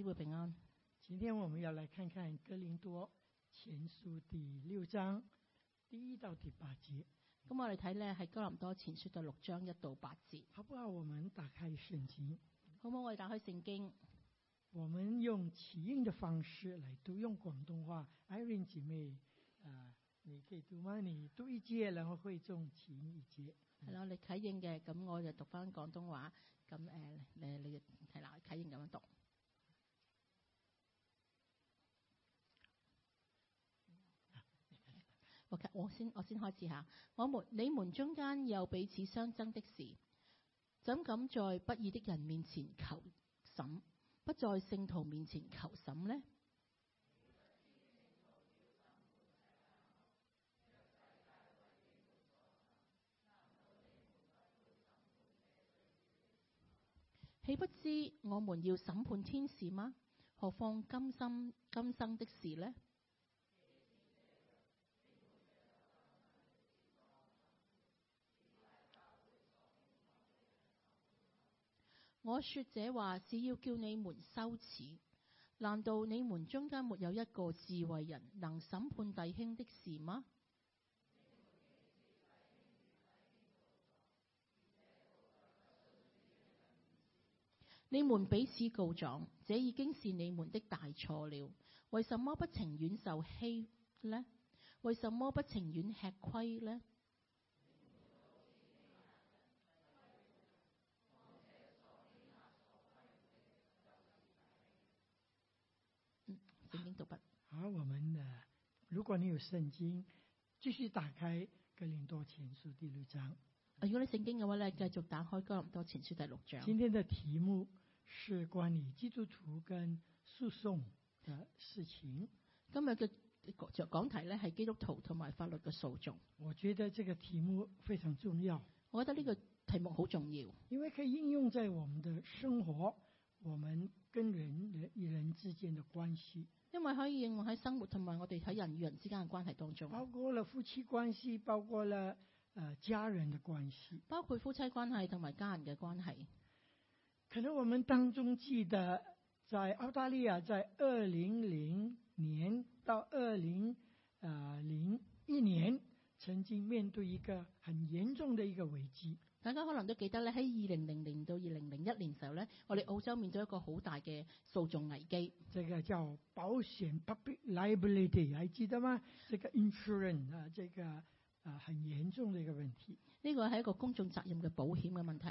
知會平安。今天我們要來看看《哥林多前書》第六章第一到第八節。咁我哋睇咧，喺、嗯《哥林多前書》第六章一到八節。好不好？我們打開聖經，嗯、好唔好？我哋打開聖經。我們用啟應嘅方式嚟讀，用廣東話。艾倫姐妹，啊、呃，你可以讀慢，你讀一節，然後會眾啟應一節。係你啟應嘅，咁我就讀翻廣東話。咁誒誒，你睇嗱啟應咁樣讀。我先我先開始下，我們你們中間有彼此相爭的事，怎敢在不義的人面前求審，不在聖徒面前求審呢？豈不知我們要審判天使嗎？何況今生今生的事呢？我說這話是要叫你們羞恥，難道你們中間沒有一個智慧人能審判弟兄的事嗎？你們彼此告狀，這已經是你們的大錯了。為什麼不情願受欺呢？為什麼不情願吃虧呢？聖經讀不？好，我們呢，如果你有聖經，繼續打開《哥林多前書》第六章。如果你聖經嘅話咧，繼續打開《哥林多前書》第六章。今天的題目是關於基督徒跟訴訟嘅事情。今日嘅講題咧，係基督徒同埋法律嘅訴訟。我覺得呢個題目非常重要。我覺得呢個題目好重要，因為可以應用在我們的生活，我們跟人人與人，人之間的關係。因為可以應用喺生活同埋我哋喺人與人之間嘅關係當中，包括啦夫妻關係，包括啦誒、呃、家人的關係，包括夫妻關係同埋家人嘅關係。可能我們當中記得，在澳大利亞，在二零零年到二零誒零一年，曾經面對一個很嚴重嘅一個危機。大家可能都記得咧，喺二零零零到二零零一年時候咧，我哋澳洲面對一個好大嘅訴訟危機。即、這、係、個、叫保險 public liability，你知得咩，即係 insurance 啊，即係啊係嚴重嘅一個問題。呢、這個係一個公眾責任嘅保險嘅問題。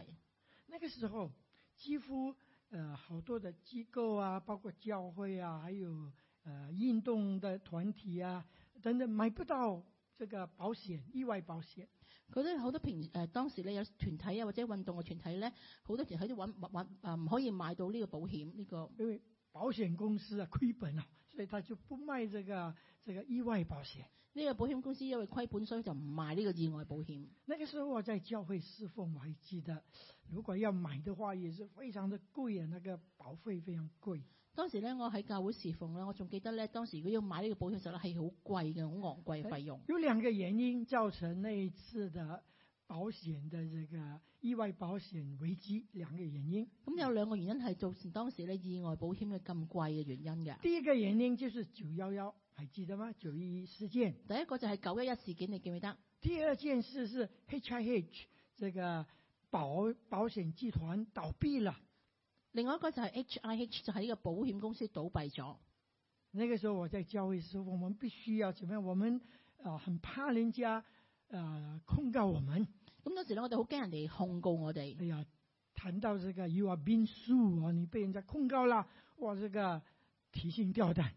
那個時候，幾乎、呃、好多嘅機構啊，包括教會啊，還有誒、呃、運動嘅團體啊等等，買不到這個保險，意外保險。佢啲好多平誒、呃，當時咧有團體啊或者運動嘅團體咧，好多時喺度揾揾誒唔可以買到呢個保險呢、呢個、因為保險公司啊，虧本啊，所以他就不賣，這個這個意外保險呢、呢個保險公司因為虧本，所以就唔賣呢個意外保險。那個時候我在教會侍奉，我記得如果要買的話，也是非常的貴啊，那個保費非常貴。當時咧，我喺教會侍奉咧，我仲記得咧，當時如果要買呢個保險手咧係好貴嘅，好昂貴嘅費用。有兩個原因造成那一次的保險嘅呢個意外保險危機，兩個原因。咁、嗯、有兩個原因係造成當時咧意外保險嘅咁貴嘅原因嘅。第一個原因就係九一一，記得嗎？九一一事件。第一個就係九一一事件，你記唔記得嗎？第二件事是 H I H，這個保保險集團倒閉啦。另外一個就係 H I H 就係呢個保險公司倒閉咗。那個時候我在教會時候，我們必須要怎麼樣，我們啊、呃、很怕人家啊、呃、控告我們，咁、嗯、當時咧，我哋好驚人哋控告我哋。哎呀，談到這個 you are being sued 啊，so, 你被人家控告啦，哇，這個提心吊膽。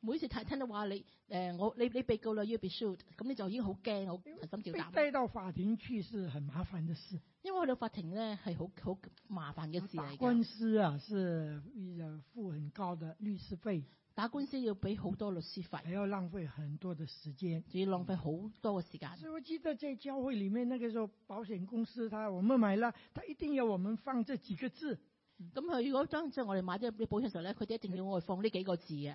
每次聽聽到話你誒、呃，我你你被告了，you'll be sued 咁，你就已經好驚，好心照膽。帶到法庭去是很麻煩的事，因為去到法庭咧係好好麻煩嘅事嚟。打官司啊，是要付很高的律師費，打官司要俾好多律師費，要浪費很多的時間，要浪費好多嘅時間。所以我記得在教會裏面，那個時候保險公司，他我們買了，他一定要我們放這幾個字。咁、嗯、佢如果當時我哋買咗保險時候咧，佢哋一定要我放呢幾個字嘅。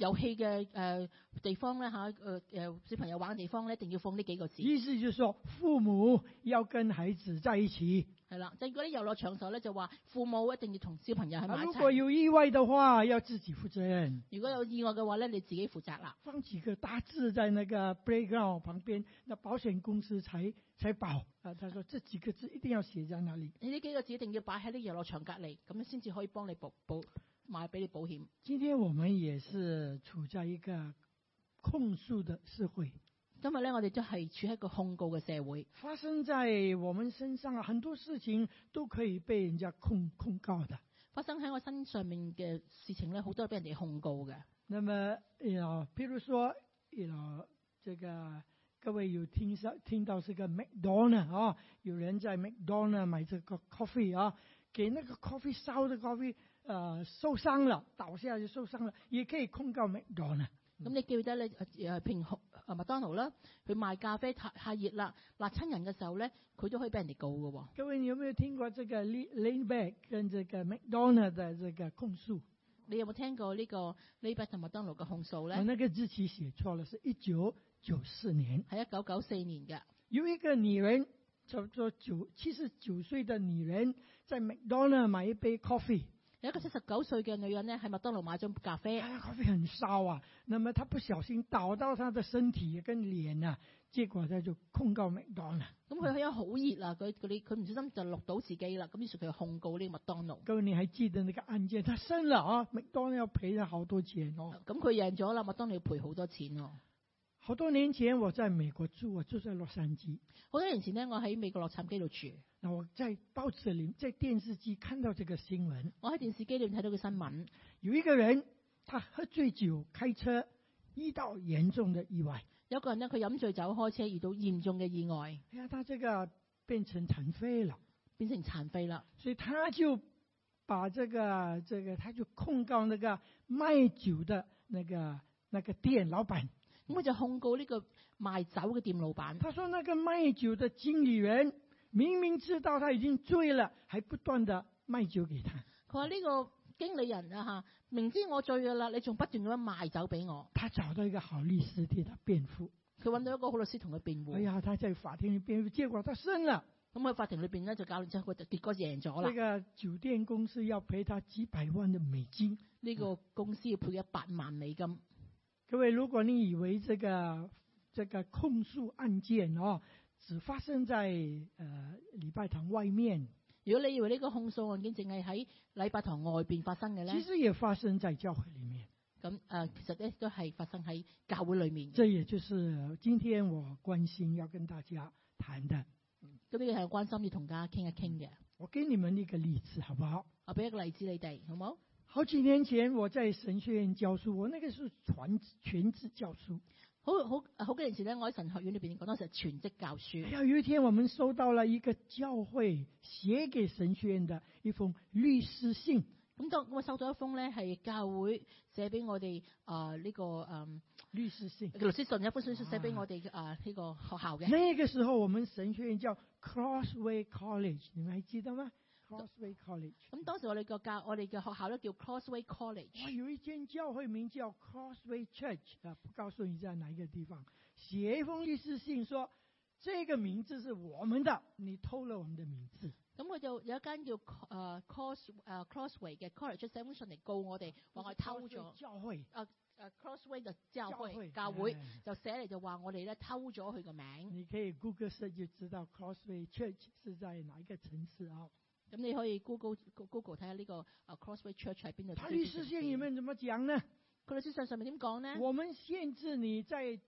遊戲嘅誒地方咧吓，誒、啊、誒、呃、小朋友玩嘅地方咧，一定要放呢幾個字。意思就是說父母要跟孩子在一起。係啦，就係嗰啲遊樂場所咧，就話父母一定要同小朋友喺埋一齊。如果要意外嘅話，要自己負責任。如果有意外嘅話咧，你自己負責啦。放幾個大字在那個 playground 旁邊，那保險公司才才保。啊，他說這幾個字一定要寫在哪裏？你呢幾個字一定要擺喺啲遊樂場隔離，咁樣先至可以幫你保保。補買俾你保險。今天我們也是處在一個控訴的社會。今日咧，我哋都係處喺一個控告嘅社會。發生在我們身上啊，很多事情都可以被人家控控告的。發生喺我身上面嘅事情咧，好多都俾人哋控告嘅。那麼，譬如說，呢、這個各位有聽聽到是個 McDonald 啊，有人在 McDonald 買這個 coffee 啊，給那個 coffee 燒的 coffee。誒、呃、受傷啦，倒下就受傷啦，亦可以控告麥當勞啦。咁你記得咧，誒平紅啊，麥當勞啦，佢賣咖啡太太熱啦，嗱親人嘅時候咧，佢都可以俾人哋告㗎。各位，你有冇有聽過呢個 Leanback 跟住嘅 McDonald 嘅控訴？你有冇聽過呢個 Leanback 同麥當勞嘅控訴咧？我呢個字詞寫錯咗，係一九九四年，係一九九四年嘅。有一個女人就做九七十九歲嘅女人，在 McDonald 買一杯 coffee。有一個七十九歲嘅女人咧，喺麥當勞買咗杯咖啡，咖啡很燒啊，那麼她不小心倒到她的身體跟臉啊，結果就就控告麥當勞。咁佢喺度好熱啦，佢佢唔小心就淥到自己啦，咁於是佢控告呢個麥當勞。咁你還記得那個案件發生啦、啊，麥當勞要賠咗好多錢咯、啊。咁佢贏咗啦，麥當勞要賠好多錢咯、啊。好多年前我在美國住，我住在洛杉磯。好多年前呢，我喺美國洛杉磯度住。那我在報紙裏面，在電視機看到這個新聞。我喺電視機裏面睇到個新聞，有一個人他喝醉酒開車，遇到嚴重的意外。有個人呢，佢飲醉酒開車，遇到嚴重嘅意外。哎呀，他這個變成殘廢了，變成殘廢了。所以他就把這個這個，他就控告那個賣酒的那個那個店老闆。咁、嗯、佢就控告呢個賣酒嘅店老闆。他說：那個賣酒嘅經理人明明知道他已經醉了，還不斷的賣酒給他。佢話：呢個經理人啊，吓，明知我醉噶啦，你仲不斷咁樣賣酒俾我。他找到一個好律師替他辯護。佢揾到一個好律師同佢辯護。哎呀，他在法庭裏辯護，結果他勝啦。咁、嗯、喺法庭裏邊咧就搞掂之後，就結果贏咗啦。呢、這個酒店公司要賠他幾百萬嘅美金。呢、嗯這個公司要賠了一百萬美金。各位，如果你以為這個這個控訴案件哦，只發生在呃禮拜堂外面，如果你以為呢個控訴案件淨係喺禮拜堂外邊發生嘅咧，其實也發生在教會裏面。咁誒、呃，其實咧都係發生喺教會裏面。這也就是今天我關心要跟大家談的。咁呢個係關心要同大家傾一傾嘅。我給你們一個例子，好不好？我俾一個例子，你哋好唔好？好幾年前，我在神學院教書，我那個是全全職教書。好好好，好幾年前咧，我喺神學院裏邊，講到是全職教書，哎呀、有一天我們收到了一個教會寫給神學院的一封律師信。咁我收到一封呢係教會寫俾我哋啊呢個嗯、呃、律師信。律師信一封信寫俾我哋啊呢個學校嘅。那個時候我們神學院叫 Crossway College，你們還記得嗎？咁、嗯、當時我哋個教，我哋嘅學校都叫 Crossway College、啊。有一間教會名叫 Crossway Church 啊，不告訴你在哪一個地方，寫一封律師信說，說這個名字是我們的，你偷了我們的名字。咁佢就有一間叫 Cross Crossway 嘅 College 寫封信嚟告我哋，話我偷咗。啊啊，Crossway 就教會教會就寫嚟就話我哋咧偷咗佢個名。你可以 Google search 就知道 Crossway Church 是在哪一個城市啊？咁、嗯、你可以 Google Google 睇下呢個 Crossway Church 喺邊度？佢律師信裏面點講呢？佢律師信上面點講呢？我們限制你在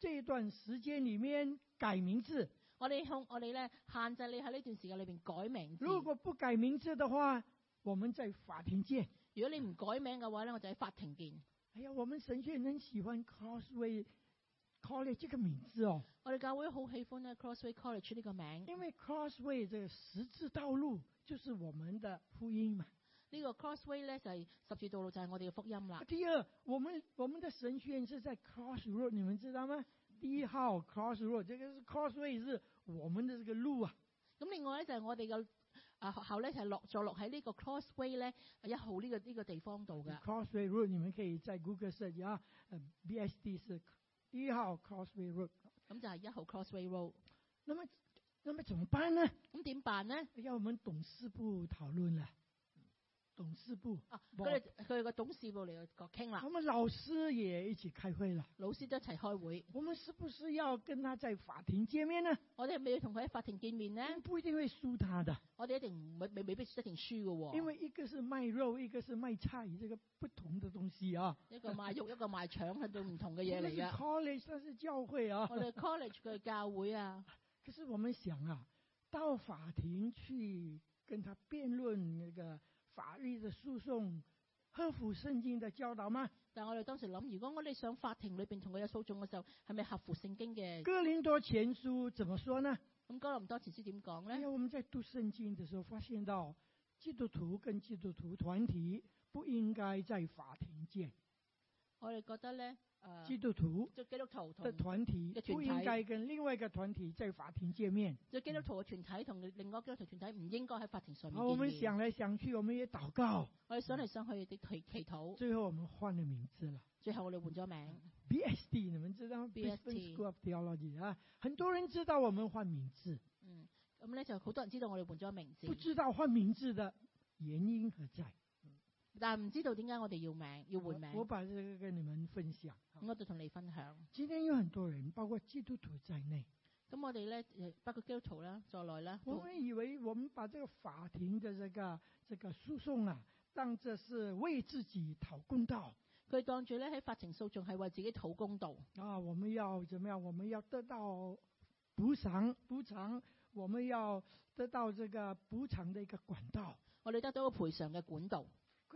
這段時間裡面改名字。我哋向我哋咧限制你喺呢段時間裏面改名字。如果不改名字的話，我們在法庭見。如果你唔改名嘅話咧，我就喺法庭見。哎呀，我們神仙人喜歡 Crossway College 呢個名字哦。我哋教會好喜歡呢 Crossway College 呢個名字，因為 Crossway 即十字道路。就是這個就是、就是我們的福音嘛，呢個 crossway 咧就係十字道路，就係我哋嘅福音啦。第二，我們我們的神宣是在 cross road，你們知道嗎？第一號 cross road，這個是 crossway 是我們的這個路啊。咁另外咧就係、是、我哋嘅啊學校咧就係落坐落喺呢個 crossway 咧一號呢、這個呢、這個地方度嘅。crossway road 你們可以在 Google search 啊，B S D 是一號 crossway road，咁就係一號 crossway road。咁啊。咁咪怎麼辦呢？咁點辦呢？要我們董事部討論啦，董事部。哦、啊，佢哋佢個董事部嚟度傾啦。咁啊，老師也一起開會啦。老師都一齊開會。我們是不是要跟他在法庭見面呢？我哋係咪要同佢喺法庭見面呢。不一定會輸他的。我哋一定唔未必一定輸噶、哦。因為一個是賣肉，一個是賣菜，這個不同的東西啊。一個賣肉， 一個賣腸，係都唔同嘅嘢嚟噶。 college 係教會啊，我哋 college 佢係教會啊。可是我們想啊，到法庭去跟他辯論那個法律的訴訟，合乎聖經的教導嗎？但我哋當時諗，如果我哋上法庭裏邊同佢有訴訟嘅時候，係咪合乎聖經嘅？哥林多前書怎麼說呢？咁、嗯、哥林多前書點講呢？哎呀，我們在讀聖經的時候發現到，基督徒跟基督徒團體不應該在法庭見。我哋覺得咧、呃，基督徒嘅團體不應該跟另外一個團體在法庭見面。嗯、基督徒嘅團體同另外基督徒團體唔應該喺法庭上面、嗯。我們想來想去,我們也禱告。我哋想嚟想去亦都祈祈禱。最後我們換了名字啦、嗯。最後我哋換咗名字了。B S T，你們知道 B S T School of Theology 啊？很多人知道我們換名字。嗯，咁咧就好多人知道我哋換咗名字。不知道換名字的原因何在？但唔知道點解我哋要命要換命？我把呢個跟你們分享。我就同你分享。今天有很多人，包括基督徒在內。咁我哋咧，包括基督徒啦，在內啦。我們以為我們把這個法庭的這個這個訴訟啊，當作是為自己討公道。佢當住咧喺法庭訴訟係為自己討公道。啊！我們要怎麼樣？我們要得到補償補償。我們要得到這個補償的一個管道。我哋得到賠償嘅管道。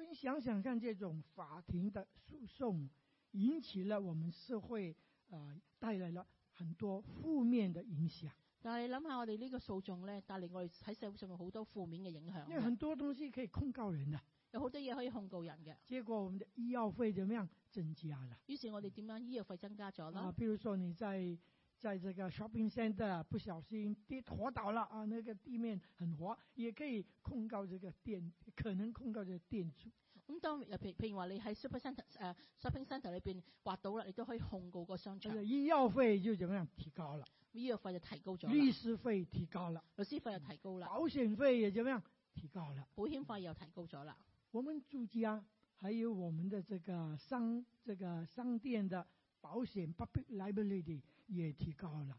你想想像這種法庭的訴訟，引起了我們社會、呃、帶來了很多負面的影響。但係諗下，我哋呢個訴訟咧，帶嚟我哋喺社會上面好多負面嘅影響。因為很多東西可以控告人啊，有好多嘢可以控告人嘅。結果我們的醫藥費怎麼樣增加啦？於是我哋點樣醫藥費增加咗啦？啊、呃，比如說你在。在這個 shopping center 不小心跌滑倒了啊，那個地面很滑，也可以控告這個店，可能控告這個店主。咁當又譬譬如話你喺 super center 誒、uh, shopping center 裏邊滑倒了，你都可以控告個商場。那個醫藥費就怎麼樣提高了？醫藥費就提高咗。律師費提高了。律師費又提高了。保險費也怎麼樣提高了？保險費又提高咗啦、嗯。我們住家還有我們的這個商這個商店的保險 （public liability）。也提高了。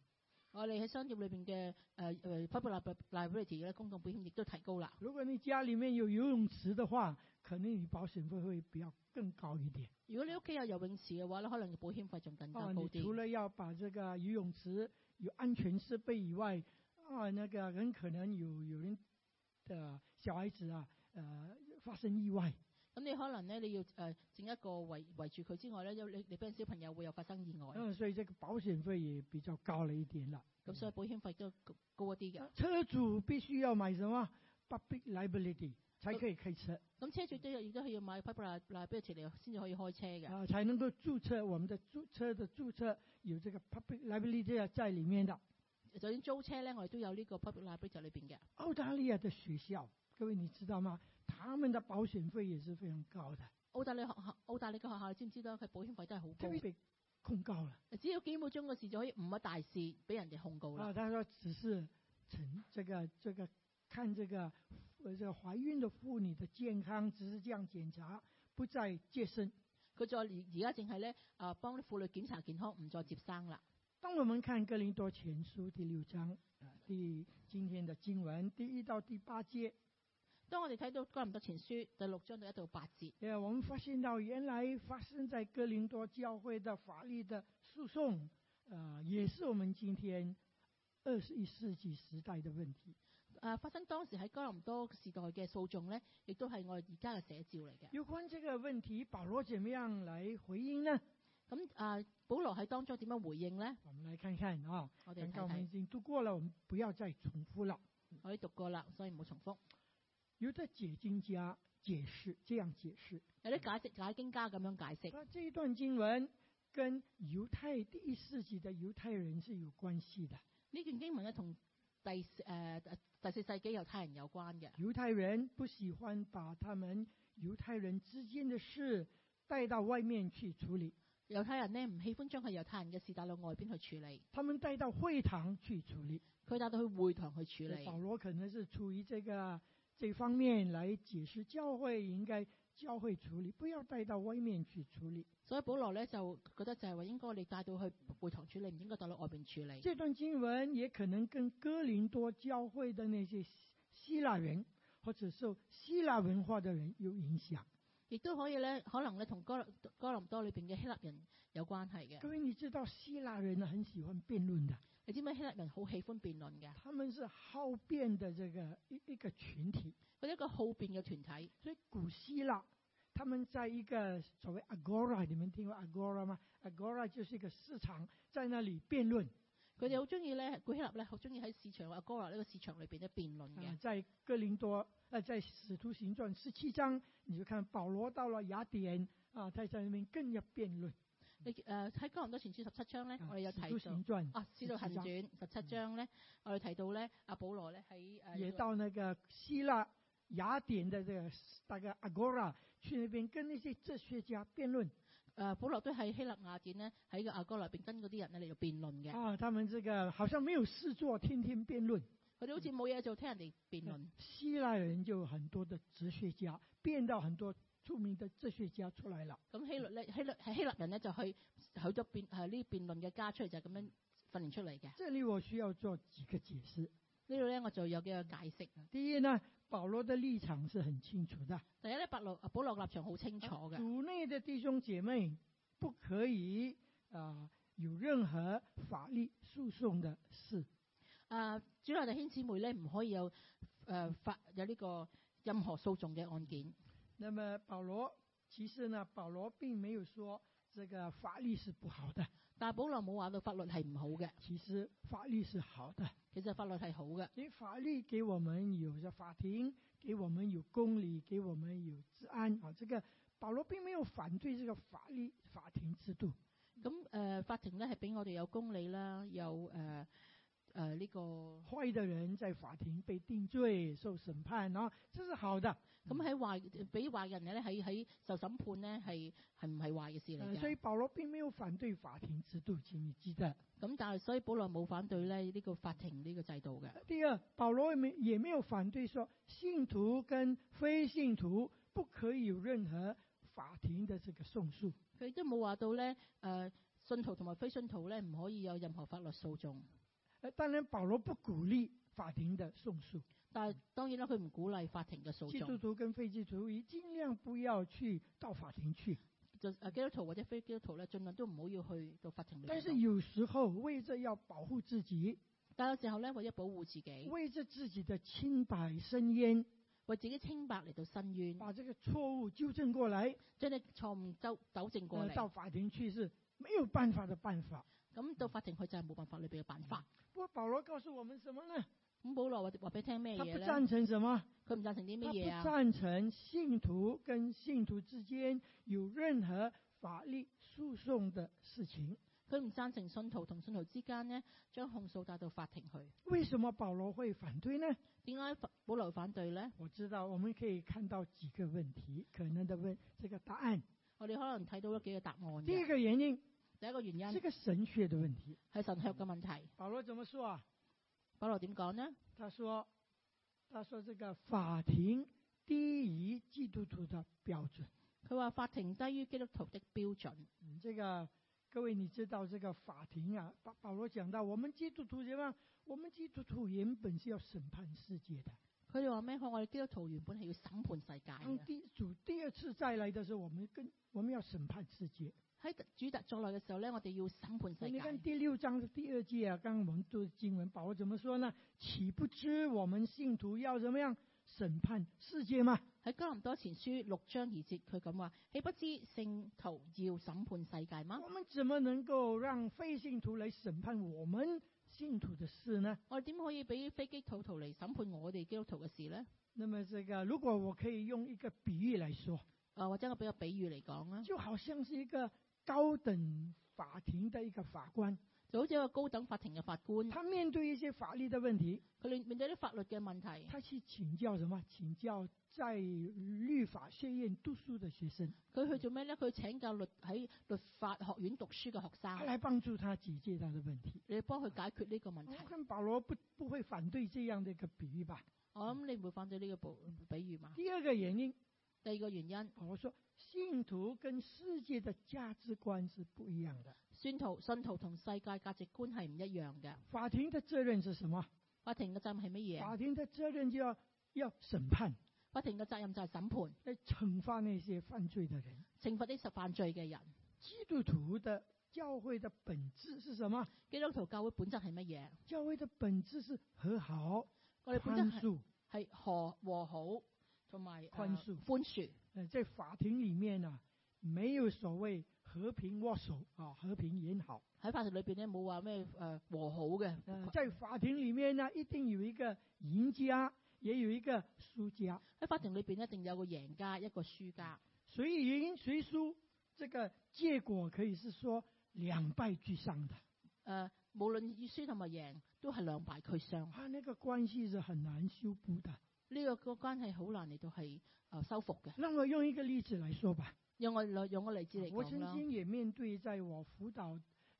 我哋喺商業裏面嘅誒誒 public liability 嘅公共保險亦都提高啦。如果你家裏面有游泳池的話，可能你保險費會比較更高一點。如果你屋企有游泳池嘅話，可能保險費仲更加高一點。除了要把這個游泳池有安全設備以外，啊，那個很可能有有人的小孩子啊，呃，發生意外。咁你可能咧，你要誒、呃、整一個圍圍住佢之外咧，你你俾小朋友會有發生意外。啊、嗯，所以即係保險費比較高啲啲啦。咁、嗯嗯、所以保險費都高，高一啲嘅。車主必須要買什麼？Public liability 才可以開車。咁車主都要而家要買 public liability 嚟先至可以開車嘅。啊、嗯嗯嗯，才能夠註冊我們的註冊的註冊有這個 public liability 在裡面的。就、啊、算租車咧，我哋都有呢個 public liability 喺裏邊嘅。澳大利亞的學校，各位你知道嗎？他們的保險費也是非常高的。澳大利亞學校，澳大利嘅學校，你知唔知道？佢保險費都係好高。被控告啦！只要幾秒鐘嘅事就可以，唔乜大事，俾人哋控告啦。啊、哦，他說只是，這個、這個，看這個，這個懷孕的婦女的健康，只是這樣檢查，不再接生。佢再而家淨係咧，啊，幫啲婦女檢查健康，唔再接生啦。當我們看《哥林多前書》第六章第今天的經文第一到第八節。當我哋睇到《哥林多前書》第六章到一到八節，誒、yeah，我們發現到原來發生在哥林多教會的法律的訴訟，啊、呃，也是我們今天二十一世紀時代的問題。誒、啊，發生當時喺哥林多時代嘅訴訟咧，亦都係我而家嘅寫照嚟嘅。有關呢個問題，保羅點樣嚟回應呢？咁、嗯、啊，保羅喺當中點樣回應咧？我哋睇睇啊，我哋睇睇。已經讀過了，我們不要再重複啦。我哋讀過啦，所以唔好重複。有的解經家解釋這樣解釋，有啲解釋解經家咁樣解釋。這一段經文跟猶太第四世紀的猶太人是有關係的。呢段經文呢，同第誒、呃、第四世紀猶太人有關嘅。猶太人不喜歡把他們猶太人之間的事帶到外面去處理。猶太人呢唔喜歡將佢猶太人嘅事帶到外邊去處理。他們帶到會堂去處理，佢帶到去會堂去處理。保羅可能是出於這個。這方面來解釋，教會應該教會處理，不要帶到外面去處理。所以保羅咧就覺得就係話，應該你帶到去會堂處理，唔應該帶到外面處理。這段經文也可能跟哥林多教會的那些希臘人，或者受希臘文化的人有影響。亦都可以咧，可能咧同哥哥林多裏面嘅希臘人有關係嘅。因為你知道希臘人很喜歡辯論嘅。你知唔知希臘人好喜歡辯論嘅？他們是好辯嘅，這個一個群體，佢一個好辯嘅團體。所以古希臘，他們在一個所謂 agora，你們聽過 agora 嗎？agora 就是一個市場，在那裡辯論。佢哋好中意咧，古希臘咧好中意喺市場 agora 呢個市場裏邊咧辯論嘅。在哥林多啊，在使徒行傳十七章，你就看保羅到了雅典啊，他在上面更入辯論。你喺《呃、在哥林多前書》十七、啊、章咧、嗯，我哋有提到啊，使徒行傳十七章咧，我哋提到咧，阿保羅咧喺誒。也到那個希臘雅典嘅呢、這個大嘅阿哥拉，去嗰邊跟呢些哲學家辯論。誒、啊，保羅都喺希臘雅典咧，喺個阿哥拉邊跟嗰啲人咧嚟做辯論嘅。啊，他們呢個好像沒有事做，天天辯論。佢哋好似冇嘢做，聽人哋辯論。嗯、希臘人就很多嘅哲學家，辯到很多。著名的哲學家出面就即係出嚟啦。咁希律咧，希律係希臘人咧，就去好多辯啊呢辯論嘅家出嚟就咁、是、樣訓練出嚟嘅。即係呢我需要做幾個解釋？呢度咧我就有幾個解釋。第一呢，保羅的立場是很清楚的。第一咧，保羅保羅立場好清楚嘅。主、啊、內的弟兄姐妹不可以啊、呃、有任何法律訴訟嘅事。啊，主內弟兄姊妹咧唔可以有誒、呃、法有呢個任何訴訟嘅案件。那麼保羅其實呢，保羅並沒有說這個法律是不好的，但保羅冇話到法律係唔好嘅，其實法律是好的，其實法律係好嘅。因為法律給我們有法庭，給我們有公理，給我們有治安。啊，這個保羅並沒有反對這個法律法庭制度。咁、嗯、誒、呃，法庭咧係俾我哋有公理啦，有誒。呃誒、呃，呢、這個壞的人在法庭被定罪、受審判咯、哦，這是好的。咁喺壞，俾壞人咧喺喺受審判咧，係係唔係壞嘅事嚟嘅。所以保羅並沒有反對法庭制度，知唔知得咁、嗯、但係所以保羅冇反對咧呢、這個法庭呢個制度嘅。第二，保羅亦亦冇反對說信徒跟非信徒不可以有任何法庭的這個訴訟。佢都冇話到咧，誒、呃，信徒同埋非信徒咧唔可以有任何法律訴訟。誒，當然保羅不鼓勵法庭的訴訟，但當然啦，佢唔鼓勵法庭嘅訴訟。基督徒跟非基督徒，盡量不要去到法庭去。就係，基督徒或者非基督徒咧，盡量都唔好要去到法庭。但是有時候，為咗要保護自己，但有時候咧為咗保護自己，為咗自己的清白申冤，為自己清白嚟到申冤，把這個錯誤糾正過來，將啲錯誤都糾正過嚟。到法庭去是沒有辦法的辦法。咁、嗯嗯、到法庭去就係冇辦法，裏面嘅辦法。不過保羅告訴我們什麼呢？保羅話話俾聽咩嘢咧？他不贊成什麼？佢唔贊成啲咩嘢啊？佢唔贊成信徒跟信徒之間有任何法律訴訟嘅事情。佢唔贊成信徒同信徒之間呢，將控訴帶到法庭去。為什麼保羅會反對呢？點解保羅反對呢？我知道，我們可以看到幾個問題，可能的問這個答案。我哋可能睇到咗幾個答案。第一個原因。第一個原因，這個神學的問題係神學嘅問題。保羅怎麼說啊？保羅點講呢？他說，他說這個法庭低於基督徒的標準。佢話法庭低於基督徒的標準。嗯，這個各位你知道，這個法庭啊，保羅講到，我們基督徒點啊？我們基督徒原本是要審判世界的。佢哋話咩，我哋基督徒原本係要審判世界。當主第二次再來嘅時候，我們跟我們要審判世界。喺主特再來嘅時候咧，我哋要審判世界。你睇第六章第二節啊，剛剛我們讀經文，保羅怎麼說呢？豈不知我們信徒要怎麼樣審判世界嗎？喺哥林多前書六章二節，佢咁話：豈不知聖徒要審判世界嗎？我們怎麼能夠讓非信徒嚟審判我們信徒的事呢？我點可以俾非基督徒嚟審判我哋基督徒嘅事呢？那麼這個如果我可以用一個比喻來說，啊，或者我俾個比喻嚟講啊，就好像是一個。高等法庭的一個法官，就好似一個高等法庭嘅法官。他面對一些法律的問題，佢面對啲法律嘅問題。他去請教什麼？請教在律法學院讀書的學生。佢去做咩咧？佢請教律喺律法學院讀書嘅學生，嚟幫助他解決他的問題，你幫佢解決呢個問題。我諗保羅不不會反對這樣的一個比喻吧？我諗你唔會反對呢個比比喻嘛、嗯？第二個原因，第二個原因，我說。信徒跟世界的價值觀是不一樣的。信徒信徒同世界價值觀係唔一樣嘅。法庭的責任是什麼？法庭嘅責任係乜嘢？法庭嘅責任就要要審判。法庭嘅責任就係審判。懲罰那些犯罪嘅人。懲罰啲實犯罪嘅人。基督徒的教會的本質是什麼？基督徒教會本質係乜嘢？教會的本質是和好。我哋本質係係和和好同埋寬恕。和和呃、在法庭裏面啊，沒有所謂和平握手啊，和平言好。喺法庭裏邊咧，冇話咩誒和好嘅，呃。在法庭裏面呢，一定有一個贏家，也有一個輸家。喺法庭裏邊一定有個贏家，一個輸家。誰贏誰輸，這個結果可以是說兩敗俱傷的。誒、呃，無論輸同埋贏，都係兩敗俱傷。他、啊、那個關係是很難修補的。呢、這個個關係好難嚟到係誒修復嘅。咁、呃、我用一個例子嚟說吧，用我用我例子嚟講，我曾經也面對就係我輔導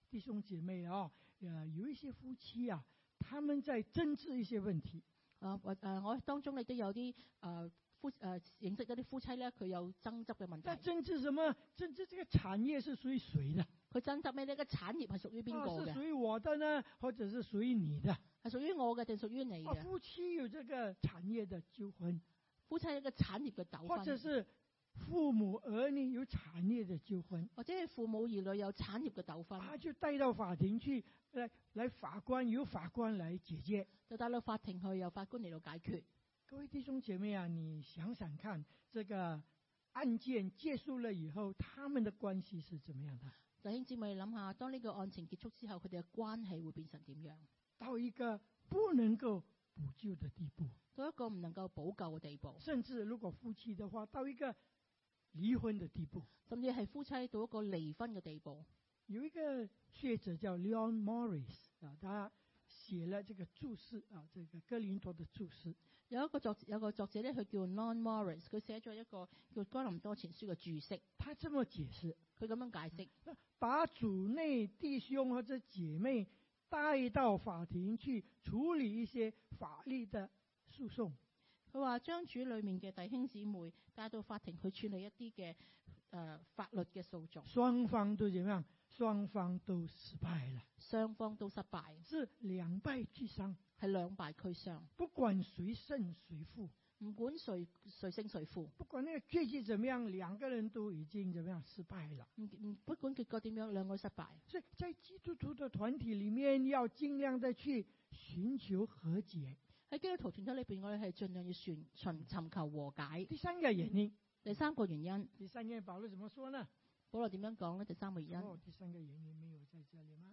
弟兄姐妹啊、哦，誒、呃，有一些夫妻啊，他們在爭執一些問題。啊、呃，我誒、呃，我當中亦都有啲誒、呃、夫誒、呃、認識一啲夫妻咧，佢有爭執嘅問題。但爭執什麼？爭執這個產業是屬於誰嘅？佢爭執咩咧？這個產業係屬於邊個嘅、哦？是屬於我的呢，或者是屬於你的？係屬於我嘅定屬於你嘅，啊？夫妻有這個產業嘅糾紛，夫妻一個產業嘅糾紛，或者是父母兒女有產業嘅糾紛，或者係父母兒女有產業嘅糾紛，就帶到法庭去，嚟嚟，法官由法官嚟解決，就帶到法庭去由法官嚟到解決。各位弟兄姐妹啊，你想想看，這個案件結束了以後，他們的關係是怎麼樣嘅？弟兄姐妹諗下，當呢個案情結束之後，佢哋嘅關係會變成點樣？到一個不能夠補救的地步，到一個唔能夠補救嘅地步，甚至如果夫妻的話，到一個離婚嘅地步，甚至係夫妻到一個離婚嘅地步。有一個學者叫 Leon Morris 啊，他寫了這個註釋啊，這個哥林多的註釋。有一個作有個作者咧，佢叫 Leon Morris，佢寫咗一個叫哥林多前書嘅註釋。他這麼解釋，佢咁樣解釋，嗯，把主內弟兄或者姐妹帶到法庭去處理一些法律的訴訟。佢話將主裏面嘅弟兄姊妹帶到法庭去處理一啲嘅誒法律嘅訴訟。雙方都點樣？雙方都失敗啦。雙方都失敗，是兩敗俱傷，係兩敗俱傷，不管誰勝誰負。唔管誰誰勝誰負，不管呢個結局怎麼樣，兩個人都已經怎麼樣失敗啦、嗯。不管結果點樣，兩個失敗。所以在，在基督徒的團體裏面，要盡量的去尋求和解。喺基督徒團體裏邊，我哋係盡量要尋尋求和解。第三個原因，嗯、第三個原因。第三個保羅怎麼說呢？保羅點樣講咧？第三個原因。第三個原因沒有在這裏嗎？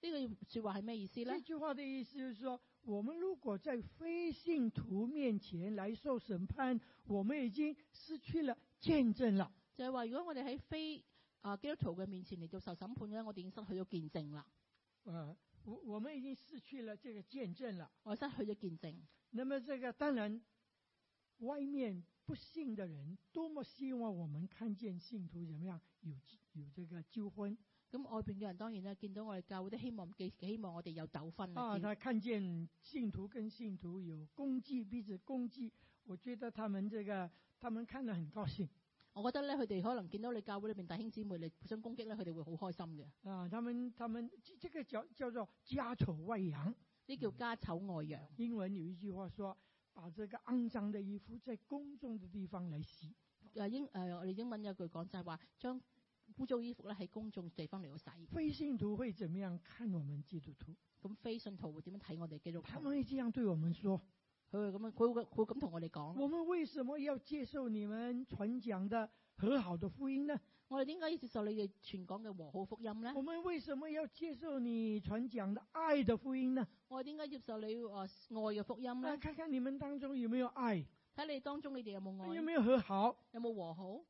這個說話係咩意思咧？這句話的意思就是說，我們如果在非信徒面前來受審判，我們已經失去了見證了。就係、是、話，如果我哋喺非啊、呃、基督徒嘅面前嚟到受審判咧，我哋已經失去咗見證啦。誒、呃，我我們已經失去了這個見證了，我失去咗見證。那麼這個當然，外面不信的人多麼希望我們看見信徒怎麼樣有有這個糾紛。咁外邊嘅人當然咧，見到我哋教會都希望，希望我哋有糾紛啊！他看見信徒跟信徒有攻擊，彼此攻擊，我覺得他們這個，他們看得很高興。我覺得咧，佢哋可能見到你教會裏邊弟兄姊妹嚟互相攻擊咧，佢哋會好開心嘅。啊！他們他們這這個、叫叫做家醜外揚，呢叫家醜外揚。英文有一句話說：，把這個骯髒的衣服在公眾的地方嚟洗。啊、英我哋、呃、英文有句講就係話將污糟衣服咧喺公眾地方嚟到洗。非信徒會怎麼樣看我們基督徒？咁非信徒會點樣睇我哋基督徒？他們會這樣對我們說：佢會咁樣，佢會咁同我哋講：我們為什麼要接受你們傳講的和好的福音呢？我哋點解要接受你哋傳講嘅和好福音呢？我們為什麼要接受你傳講的愛的福音呢？我哋點解要接受你愛嘅福音呢？啊，看看你們當中有沒有愛？睇你們當中你哋有冇愛？啊，有沒有和好？有冇和好？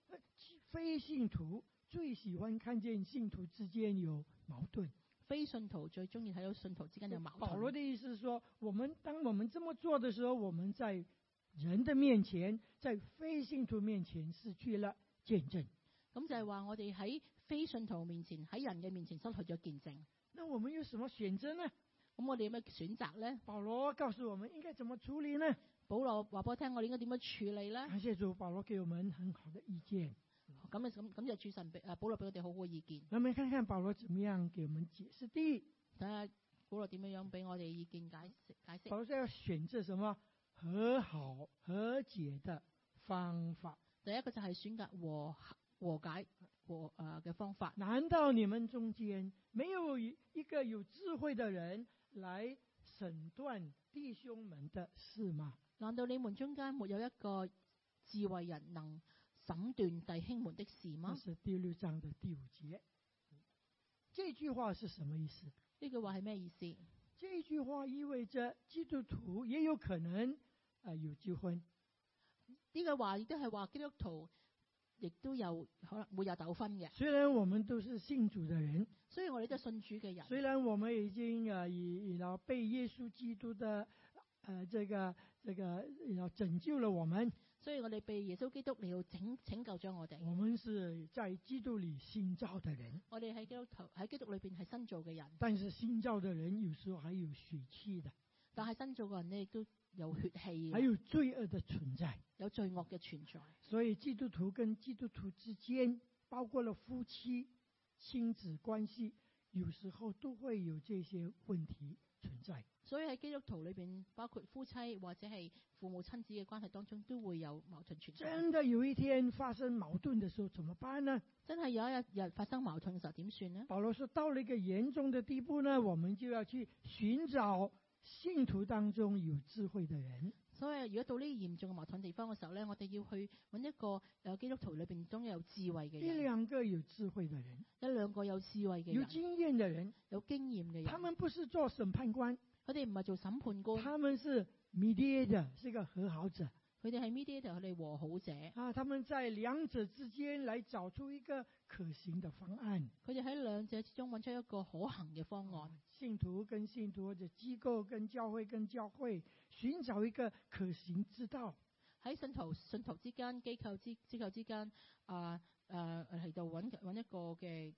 非信徒。最喜歡看見信徒之間有矛盾，非信徒最鍾意睇到信徒之間有矛盾。保羅的意思是說，我們當我們這麼做的時候，我們在人的面前，在非信徒面前失去了見證。咁就係話我哋喺非信徒面前喺人嘅面前失去咗見證。那我們有什麼選擇呢？咁我哋有咩選擇呢？保羅告訴我們應該怎麼處理呢？保羅話俾我聽，我哋應該點樣處理呢？感謝主，保羅給我們很好的意見。咁就咁咁就主神俾啊保羅俾我哋好好的意見。咁你看看保羅怎麼樣給我們解釋啲，睇下保羅點樣樣俾我哋意見，解釋解釋。保羅需要選擇什麼和好和解的方法？第一個就係選擇和和解和啊嘅、呃、方法。難道你們中間沒有一個有智慧的人來審斷弟兄們的事嗎？難道你們中間沒有一個智慧人能？診斷弟兄們的事嗎？這是第六章的第五節。這句話是什麼意思？呢句話係咩意思？這句話意味着基督徒也有可能啊、呃、有結婚。呢句話亦都係話基督徒亦都有可能會有糾紛嘅。雖然我們都是信主的人，所以我哋都信主嘅人。雖然我們已經啊然後被耶穌基督的誒、呃、這個這個然後拯救了我們。所以我哋被耶穌基督了拯拯救咗我哋。我們是在基督裏新造嘅人。基督徒喺基督裏面係新造的人。我哋喺基督喺基督裏邊係新造嘅人。但是新造的人有時候還有血氣嘅，但係新造嘅人咧，亦都有血氣。還有罪惡的存在。有罪惡嘅存在。所以基督徒跟基督徒之間，包括了夫妻、親子關係，有時候都會有這些問題。在，所以喺基督徒裏邊，包括夫妻或者係父母親子嘅關係當中，都會有矛盾存在。真的有一天發生矛盾嘅時候，怎麼辦呢？真係有一日發生矛盾嘅時候，點算呢？保羅說：到了一個嚴重的地步呢，我們就要去尋找信徒當中有智慧的人。.所以如果到呢嚴重嘅矛盾地方嘅時候咧，我哋要去揾一個、呃、基督徒裏面中有智慧嘅人，一兩個有智慧嘅人，一兩個有智慧嘅有經驗嘅人，有經驗嘅人，人。他哋不是，佢哋唔係做審判官，佢哋唔係做審判官，佢哋係 mediator 係一個和好者。佢哋係，mediator，佢哋和好者啊！他們在兩者之間嚟找出一個可行的方案。佢哋喺兩者之中揾出一個可行嘅方案，啊。信徒跟信徒或者機構跟教會跟教會尋找一個可行之道。喺信徒信徒之間，機構之機構之間啊誒喺度揾揾一個嘅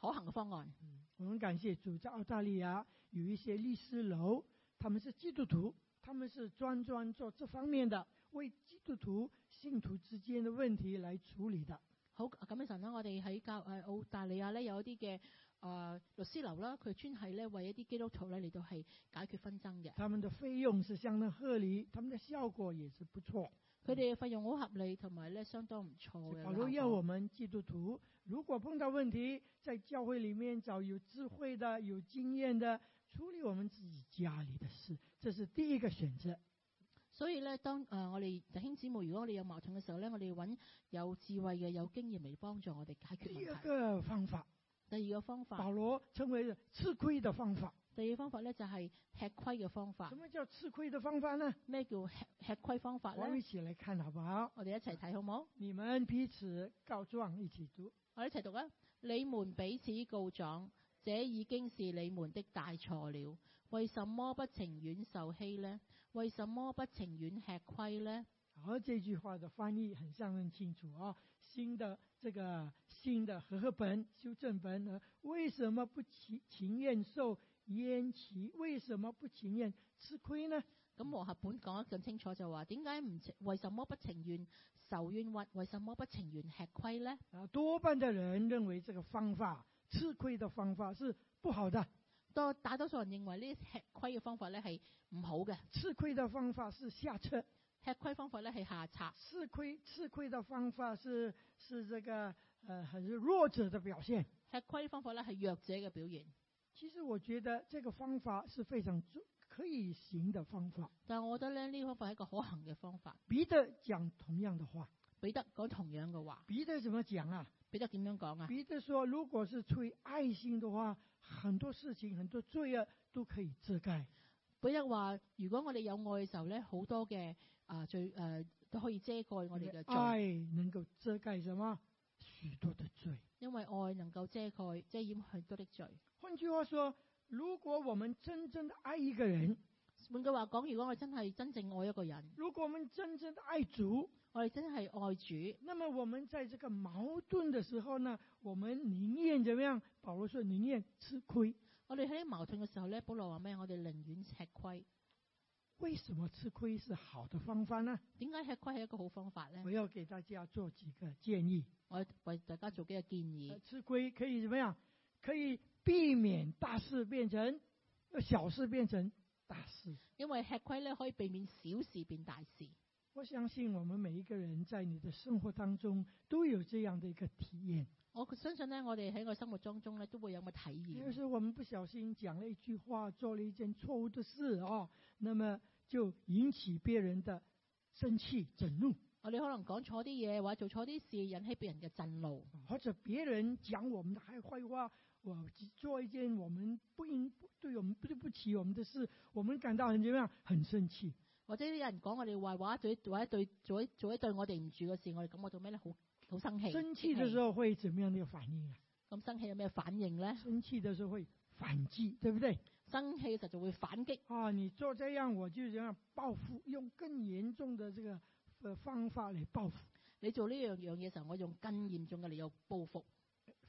可行嘅方案。嗯、我們感謝主在澳大利亞有一些律師樓，他們是基督徒，他們是專專做這方面的。為基督徒信徒之間的問題來處理的，好咁嘅時候咧，我哋喺教誒澳大利亞咧有啲嘅誒律師樓啦，佢專係咧為一啲基督徒咧嚟到係解決紛爭嘅。他們的費用是相當合理，他們的效果也是不錯。佢哋嘅費用好合理，同埋咧相當唔錯嘅。如果要我們基督徒如果碰到問題，在教會裏面找有智慧的、有經驗的處理我們自己家裏的事，這是第一個選擇。所以咧，當、呃、我哋弟兄姊妹，如果我哋有矛盾嘅時候咧，我哋要揾有智慧嘅、有經驗嚟幫助我哋解決問題。第一個方法，第二個方法。保羅稱為吃虧的方法。第二個方法咧就係、是、吃虧嘅方法。什麼叫吃虧的方法咧？咩叫吃虧叫吃虧方法咧？我哋一齊嚟看好唔好？我哋一齊睇好唔好？你們彼此告狀，一起讀。我哋一齊讀啊！你們彼此告狀，這已經是你們的大錯了。為什麼不情願受欺呢？為什麼不情願吃虧呢？而這句話的翻譯很相當清楚啊！新的這個新的和合本修正本，啊，為什麼不情情願受冤屈？為什麼不情願吃虧呢？咁和合本講得更清楚，就話點解唔？為什麼不情願受冤屈？為什麼不情願吃虧呢？」啊，多半的人認為這個方法吃虧的方法是不好的。多大多數人認為呢啲吃虧嘅方法咧係唔好嘅，吃虧嘅方、方法是下策，吃虧方法咧係下策，吃虧吃虧嘅方法是是這個，呃，係弱者嘅表現。吃虧的方法咧係弱者嘅表現。其實我覺得呢個方法是非常可以行嘅方法。但係我覺得咧，呢、這個、方法係一個可行嘅方法。彼得講同樣嘅話，彼得講同樣嘅話。彼得怎麼講啊？彼得點樣講啊？彼得說：如果是出於愛心嘅話。很多事情很多罪啊都可以遮蓋。比如話，如果我哋有愛嘅時候咧，好多嘅，啊罪、啊、都可以遮蓋我哋嘅罪。愛能夠遮蓋什麼？許多的罪。因為愛能夠遮蓋、遮掩許多的罪。換句話說，如果我們真正愛一個人，換句話講，如果我真係真正愛一個人，如果我們真正的愛主。我哋真係愛主。那麼我們在這個矛盾的時候呢，我們寧願怎麼樣？保羅說寧願吃虧。我哋喺矛盾嘅時候咧，保羅話咩？我哋寧願吃虧。為什麼吃虧是好的方法呢？點解吃虧係一個好方法咧？我要給大家做幾個建議。我為大家做幾個建議。吃虧可以怎麼樣？可以避免大事變成小事變成大事。因為吃虧咧，可以避免小事變大事。我相信我們每一個人在你的生活當中都有這樣的一個體驗。我相信呢，我哋喺我生活當中呢都會有咁嘅體驗。就是我們不小心講了一句話，做了一件錯誤的事哦，那麼就引起別人的生氣、震怒。你可能講錯啲嘢，或者做錯啲事，引起別人嘅震怒，或者別人講我們的壞話，或做一件我們不應、對我們對不起我們的事，我們感到很怎麼樣，很生氣。或者啲人講我哋壞話，做一做一對做一做一對我哋唔住嘅事，我哋咁我做咩咧？好好生氣。生氣的時候會怎麼樣呢？反應啊？咁生氣有咩反應咧？生氣的時候會反擊，對不對？生氣嘅時候就會反擊。啊！你做這樣，我就想要報復，用更嚴重的這個、呃、方法嚟報復。你做呢樣樣嘢時候，我用更嚴重嘅理由報復。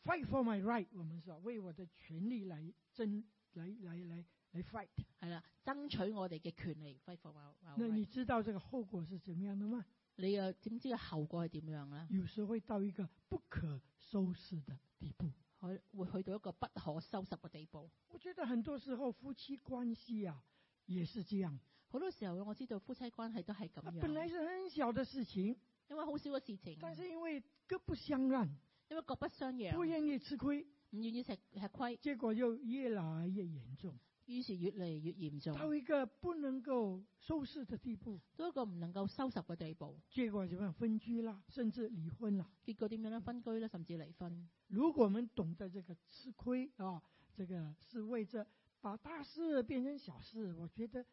Fight for my right，我們說為我的權利嚟爭，嚟嚟嚟。你 fight 係啦，爭取我哋嘅權利，恢復我。那你知道這個後果是怎樣的嗎？你又、啊、點知個後果係點樣呢？有時候會到一個不可收拾的地步，會去到一個不可收拾嘅地步。我覺得很多時候夫妻關係啊，也是這樣。好多時候我知道夫妻關係都係咁樣、啊。本來是很小的事情，因為好小嘅事情。但是因為各不相讓，因為各不相讓，不願意吃虧，唔願意食吃虧，結果又越來越嚴重。於是越嚟越嚴重，到一個不能夠收拾的地步，到一個唔能夠收拾嘅地步，結果就分分居啦，甚至離婚啦，結果點樣樣分居啦，甚至離婚。如果我們懂得這個吃虧啊，這個是為着把大事變成小事，我覺得。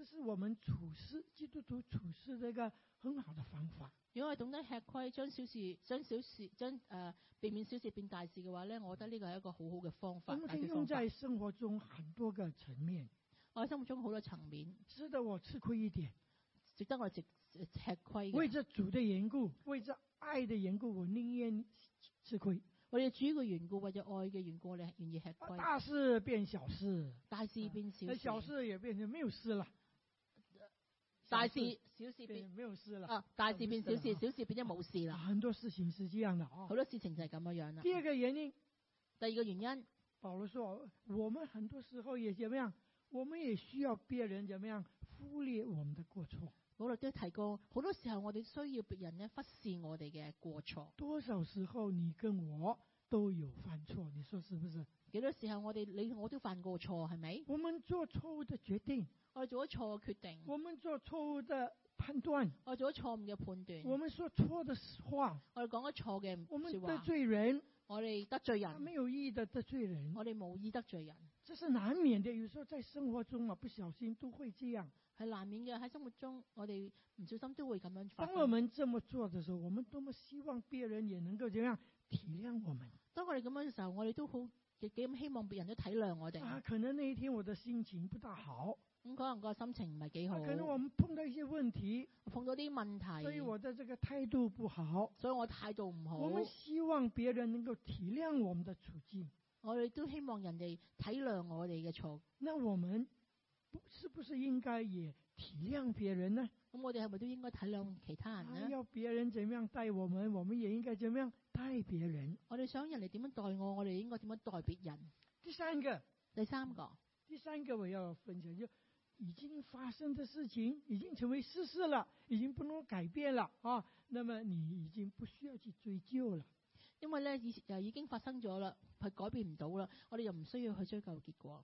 這是我們處事基督徒處事的一個很好的方法。如果我懂得吃虧，將小事將小事將誒避免小事變大事嘅話咧，我覺得呢個係一個很好好嘅方法。應、嗯、用在生活中很多嘅層面，喺生活中好多層面，值得我吃虧一點，值得我值吃虧。為咗主的緣故，為咗愛嘅緣故，我寧願吃虧。為咗主嘅緣故，或者愛嘅緣故咧，我願意吃虧、啊。大事變小事，大事變小事，啊、小事也變成沒有事啦。大事小事變，沒事了，啊大事變小事，事啊、小事變咗冇事了、啊、很多事情是這樣的哦、啊，好多事情就係咁樣樣、啊、啦。第二個原因、啊，第二個原因，保羅說我們很多時候也怎麼樣，我們也需要別人怎麼樣忽略我們的過錯。保羅都提過，好多時候我哋需要別人呢忽視我哋嘅過錯。多少時候你跟我都有犯錯，你說是不是？幾多時候我哋你我都犯過錯係咪？我們做錯誤的決定。我做咗錯決定，我們做錯誤的判斷。我做咗錯誤嘅判斷，我們說錯的話，我哋講咗錯嘅說話。我得罪人，我哋得罪人，沒有意義的得罪人，我哋冇意得罪人。這是難免嘅，有時候在生活中啊，不小心都會這樣，係難免嘅。喺生活中，我哋唔小心都會咁樣做。當我們這麼做的時候，我們多麼希望別人也能夠這樣體諒我們。當我哋咁樣嘅時候，我哋都好幾希望別人都體諒我哋。啊，可能那一天我的心情不大好。咁、嗯、可能個心情唔係幾好、啊。可能我們碰到一些問題，碰到啲問題。所以我的這個態度不好，所以我態度唔好。我們希望別人能夠體諒我們的處境，我哋都希望人哋體諒我哋嘅錯。那我們是不是應該也體諒別人呢？咁我哋係咪都應該體諒其他人呢？啊、要別人怎樣待我們，我們也應該怎樣待別人。我哋想人哋點樣待我，我哋應該點樣待別人。第三個，第三個，第三個我要分成已經發生的事情已經成為事實了，已經不能改變了啊。那麼你已經不需要去追究了，因為呢，以前就已經發生咗啦，佢改變唔到啦。我哋又唔需要去追究結果。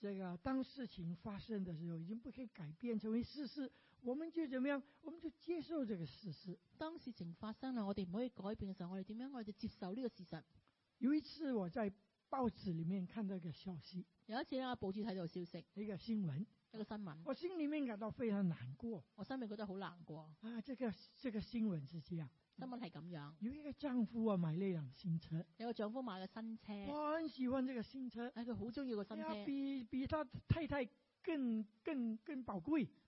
這個，當事情發生嘅時候，已經不可以改變成為事實，我們就怎麼樣？我們就接受這個事實。當事情發生啦，我哋唔可以改變嘅時候，我哋點樣？我哋接受呢個事實。有一次我在。報紙裏面看到一個消息，有一次呢，報紙睇到消息，一個新聞，一個新聞，我心裏面感到非常難過，我心裏覺得好難過。啊，這個這個新聞是這樣，新聞係咁樣、嗯，有一個丈夫啊買了一輛新車，有個丈夫買個新車，我很喜歡這個新車，哎，佢好中意個新車，比比他太太更更更寶貴。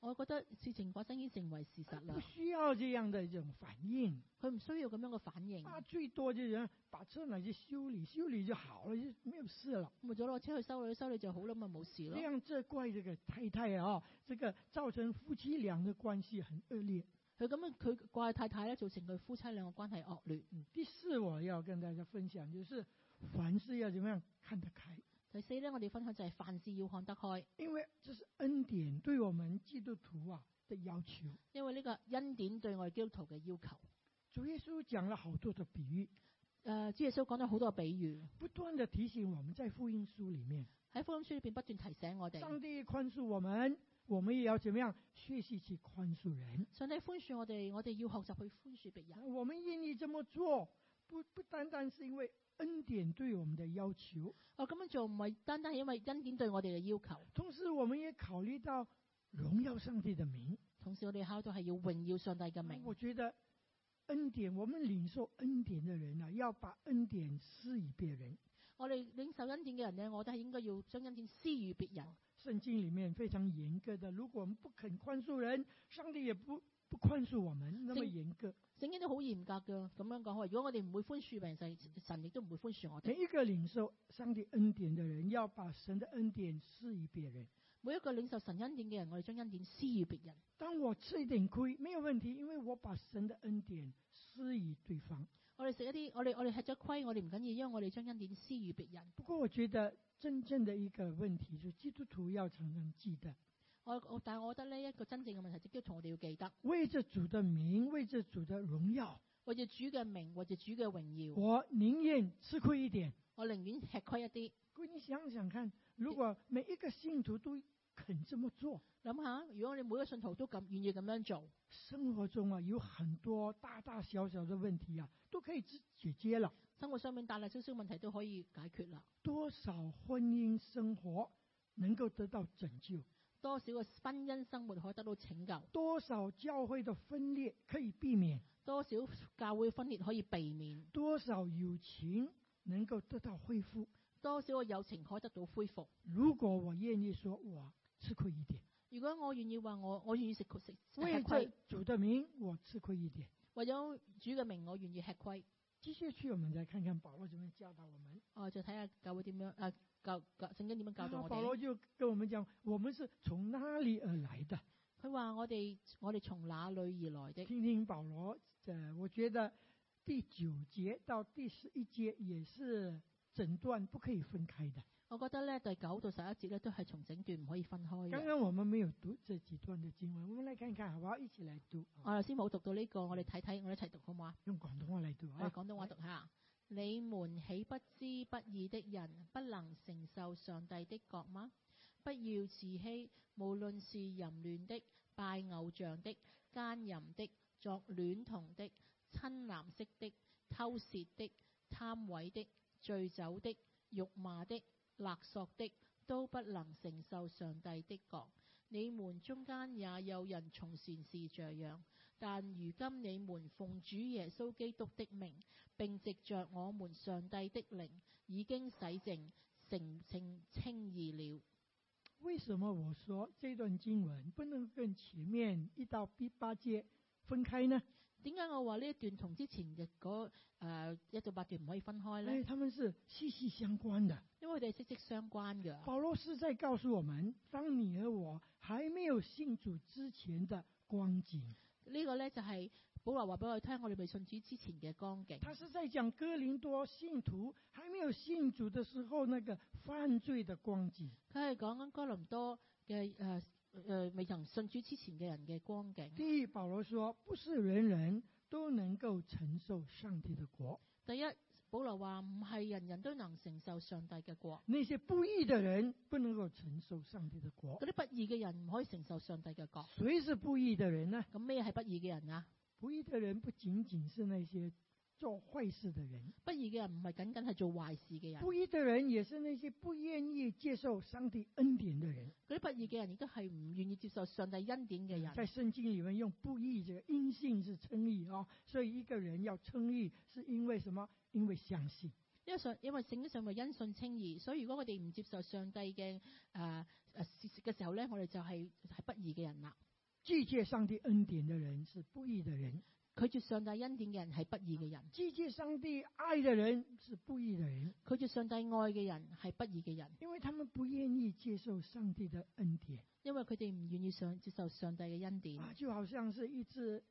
我覺得事情發生已經成為事實啦。不需要這樣的一種反應，佢唔需要咁樣嘅反應。啊、最多就樣，攞車去修理修理就好了，就冇事啦。冇咗攞車去修理，修理就好啦嘛，冇事咯。呢樣就怪這個太太啊，這個造成夫妻倆嘅關係很惡劣。佢咁樣，佢怪太太咧，造成佢夫妻兩個關係惡劣、嗯。第四，我要跟大家分享，就是凡事要點樣看得開。第四咧，我哋分享就係凡事要看得開。因為這是恩典對我們基督徒啊的要求。因為呢個恩典對我哋基督徒嘅要求。主耶穌講了好多的比喻，誒、呃，主耶穌講咗好多的比喻，不斷嘅提醒我們在福音書裏面。喺福音書裏邊不斷提醒我哋。上帝寬恕我們，我們也要怎麼樣學習去寬恕人。上帝寬恕我哋，我哋要學習去寬恕別人。我們願意這麼做。不不單單是因為恩典對我們的要求，哦，根本就唔係單單係因為恩典對我哋嘅要求，同時我們也考慮到榮耀上帝的名，同時我哋考慮到係要榮耀上帝嘅名，嗯。我覺得恩典，我們領受恩典的人啊，要把恩典施予別人。我哋領受恩典嘅人咧，我覺得係應該要將恩典施予別人，哦。聖經裏面非常嚴格嘅，如果我們不肯寬恕人，上帝也不不寬恕我們，那麼嚴格。整經都好嚴格噶，咁樣講，如果我哋唔會寬恕，其實神亦都唔會寬恕我哋。每一個領受上帝恩典嘅人，要把神嘅恩典施於別人。每一個領受神恩典嘅人，我哋將恩典施於別人。當我吃一點虧，沒有問題，因為我把神嘅恩典施於對方。我哋食一啲，我哋我哋吃咗虧，我哋唔緊要，因為我哋將恩典施於別人。不過我覺得真正嘅一個問題，就係基督徒要常常記得。我但係，我覺得呢一個真正嘅問題，即係同我哋要記得為着主的名，為着主的榮耀，為住主嘅名，或者主嘅榮耀。我寧願吃虧一點，我寧願吃虧一啲。你想想看，如果每一個信徒都肯這麼做，諗下，如果你每個信徒都咁願意咁樣做，生活中啊有很多大大小小嘅問題啊，都可以解決啦。生活上面大大小小問題都可以解決啦。多少婚姻生活能夠得到拯救？多少個婚姻生活可以得到拯救？多少教會的分裂可以避免？多少教會分裂可以避免？多少友情能夠得到恢復？多少個友情可以得到恢復？如果我願意說，我吃虧一點；如果我願意話，我我願意食佢食吃虧，主的名我吃虧一點。為咗主嘅名，我願意吃虧。接下去我們再看看保羅怎樣教導我們。哦、呃，就睇下教會點樣啊？呃教聖經點樣教咗我、啊、保羅就跟我們講，我們是從哪裡而來的？佢話我哋，我哋從哪裡而來的？聽聽保羅，誒、呃，我覺得第九節到第十一節也是整段不可以分開的。我覺得咧，第九到十一節咧都係從整段唔可以分開的。剛剛我們沒有讀，這幾段嘅經文，我們嚟看看好不好？一起來讀。我頭先冇讀到呢、這個，我哋睇睇，我哋一齊讀好唔好啊？用、啊、廣、啊、東話嚟讀，用廣東話讀下。你們豈不知不義的人不能承受上帝的國嗎？不要自欺，無論是淫亂的、拜偶像的、奸淫的、作孌童的、親男色的、偷竊的、貪婪的，的、醉酒的、辱罵的、勒索的，都不能承受上帝的國。你們中間也有人從前是這樣。但如今你們奉主耶穌基督的名，並藉着我們上帝的靈，已經洗淨、成聖、稱義了。為什麼我說這段經文不能跟前面一到第八節分開呢？點解我話呢、呃、一段同之前嘅誒一到八段唔可以分開咧、哎？他們是息息相關的，因為佢哋息息相關嘅。保羅斯在告訴我們，當你和我還沒有信主之前的光景。這個、呢個咧就係、是、保羅話俾我聽，我哋未信主之前嘅光景。他是在講哥林多信徒還沒有信主的時候那個犯罪的光景。佢係講緊哥林多嘅誒誒未曾信主之前嘅人嘅光景。第一，保羅說，不是人人都能夠承受上帝的國。第一。保羅話唔係人人都能承受上帝嘅國，那些不義嘅人不能夠承受上帝嘅國，嗰啲不義嘅人唔可以承受上帝嘅國。誰是不義嘅人呢？咁咩係不義嘅人啊？不義嘅人不僅僅是那些。做壞事的人，不義嘅人唔係僅僅係做壞事嘅人，不義嘅人也是那些不願意接受上帝恩典嘅人。啲、嗯、不義嘅人，亦都係唔願意接受上帝恩典嘅人。在聖經裏面用不義這個陰性字稱義啊、哦，所以一個人要稱義，是因為什麼？因為相信，因為聖經上嘅因信稱義。所以如果我哋唔接受上帝嘅誒誒嘅時候咧，我哋就係、是、係不義嘅人啦。拒絕上帝恩典嘅人是不義嘅人。拒絕上帝恩典嘅人係不義嘅人，拒絕上帝愛嘅人是不義嘅人，拒、啊、絕上帝愛嘅人係不義嘅人，因為他們不願意接受上帝嘅恩典，因為佢哋唔願意上接受上帝嘅恩典。啊，就好像是一隻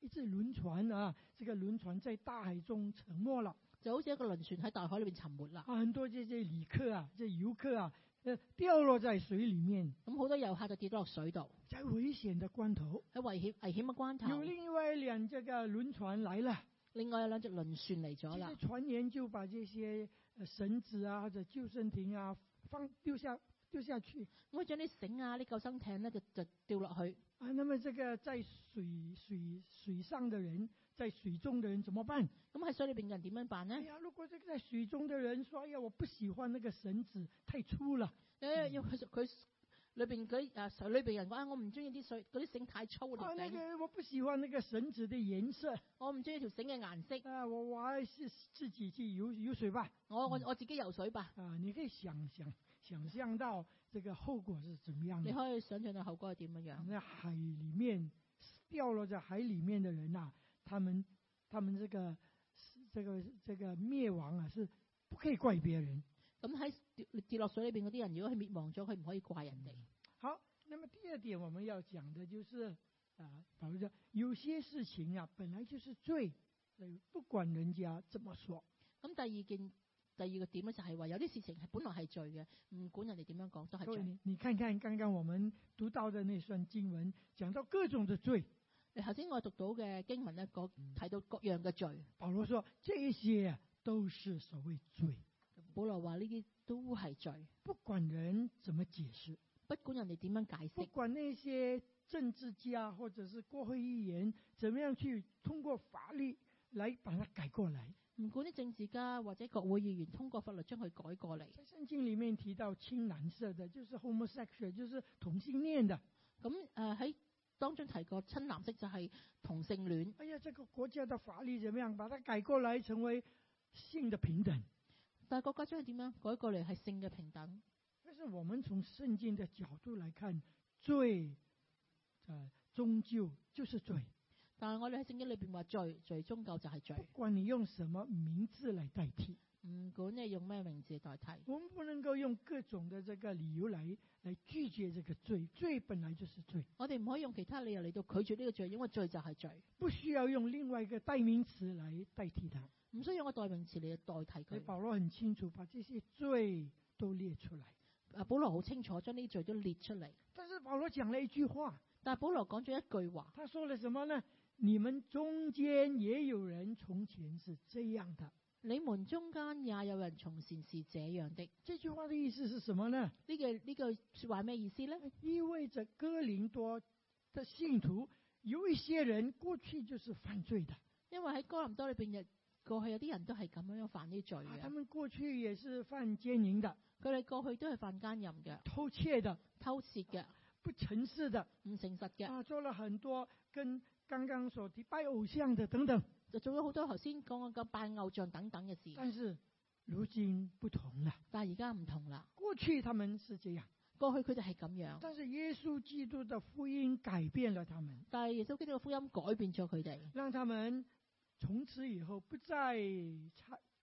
一隻輪船啊，這個輪船在大海中沉沒了，就好似一個輪船喺大海裏面沉沒啦、啊，很多這些旅客啊，即係遊客啊。掉落在水裏面，咁、嗯、好多遊客就跌落水度。在危險的關頭，喺危險危險嘅關頭，有另外兩隻嘅輪船嚟了，另外有兩隻輪船嚟咗啦。船員就把這些繩子啊或者救生艇啊放丟下丟下去，我將啲繩啊啲救生艇呢，就就掉落去。啊，那麼這個在水水水上嘅人。在水中嘅人怎麼辦？咁喺水裏邊嘅人點樣辦呢？哎、如果這個在水中嘅人說：“哎呀，我不喜歡那個繩子太粗啦。誒、哎，因為佢裏邊佢誒，水裏邊人話，我唔中意啲水，嗰啲繩太粗啦。啊，那個我不喜歡那個繩子嘅顏色，我唔中意條繩嘅顏色。啊，我我還是自己去游游水吧。我我我自己游水吧。啊，你可以想想想象到這個後果是怎麼樣的？你可以想象到後果係點樣的？在海裏面掉落在海裏面嘅人啊！他們他們這個這個這個滅亡啊，是不可以怪別人。咁喺跌跌落水裏邊啲人，如果係滅亡咗，佢唔可以怪人哋。好，那麼第二點我們要講的，就是啊，比如說，有些事情啊，本來就是罪，不管人家怎麼說。咁第二件第二個點咧，就係話有啲事情係本來係罪嘅，唔管人哋點樣講都係罪。你看看剛剛我們讀到的那段經文，講到各種的罪。頭先我讀到嘅經文咧，各、嗯、睇到各樣嘅罪。保羅說：，這些都是所謂罪。保羅話：呢啲都係罪，不管人怎麼解釋，不管人哋點樣解釋，不管那些政治家或者是過去議員怎麼樣去通過法律嚟，把它改過嚟。唔管啲政治家或者國會議員通過法律將佢改過嚟。聖經裏面提到青藍色嘅，就是 homosexual，就是同性戀嘅。咁誒喺。呃當中提過，親藍色就係同性戀。哎呀，這個國家的法律怎麼樣，把它改過來成為性的平等？但係國家將係點樣改過來，係性嘅平等？但是我們從聖經的角度來看，罪誒，終究就是罪。但係我哋喺聖經裏邊話罪，罪終究就係罪。不管你用什麼名字嚟代替。唔管你用咩名字代替，我們不能夠用各種的這個理由嚟嚟拒絕這個罪，罪本來就是罪。我哋唔可以用其他理由嚟到拒絕呢個罪，因為罪就係罪，不需要用另外一個代名詞嚟代替佢。唔需要用個代名詞嚟代替佢。保羅很清楚，把這些罪都列出來。啊、保羅好清楚，將呢啲罪都列出嚟。但是保羅講了一句話，但係保羅講咗一句話，他說了什麼呢？你們中間也有人從前是這樣的。你們中間也有人從前是這樣的。這句話的意思是什麼呢？呢、這個呢句、這個、說話咩意思呢？意味着哥林多的信徒有一些人過去就是犯罪的，因為喺哥林多裏邊嘅過去有啲人都係咁樣樣犯呢罪嘅、啊。他們過去也是犯奸淫的，佢哋過去都係犯奸淫嘅，偷竊的、偷竊嘅、不誠實的、唔誠實嘅，做了很多跟剛剛所提拜偶像的等等。就做咗好多頭先講個拜偶像等等嘅事。但是如今不同啦，但係而家唔同啦。過去他們是這樣，過去佢哋係咁樣。但是耶穌基督的福音改變了他們，但係耶穌基督嘅福音改變咗佢哋，讓他們從此以後不再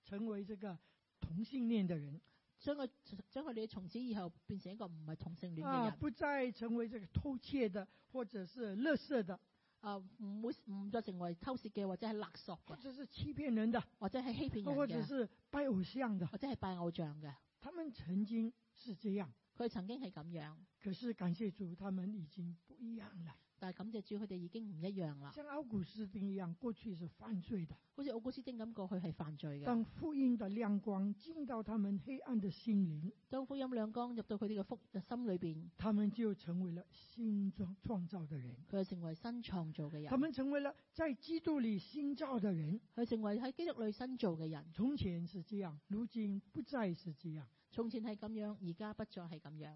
成為這個同性戀的人，將佢將佢哋從此以後變成一個唔係同性戀嘅人、啊，不再成為這個偷竊的，或者是勒色的。啊、呃！唔會唔再成為偷竊嘅，或者係勒索嘅；或者係欺騙人嘅，或者係欺騙人嘅；或者係拜偶像嘅，或者係拜偶像嘅。他們曾經是這樣，佢曾經係咁樣。可是感謝主，他們已經不一樣了。但係感謝主，佢哋已經唔一樣啦。像奧古斯丁一樣，過去是犯罪嘅。好似奧古斯丁咁過去係犯罪嘅。當福音的亮光照到他們黑暗嘅心靈，當福音亮光入到佢哋嘅福嘅心裏邊，他們就成為了新創造創造嘅人。佢係成為新創造嘅人。他們成為了在基督裏新造嘅人。佢成為喺基督裏新造嘅人。從前是這樣，如今不再是這樣。從前係咁樣，而家不再係咁樣。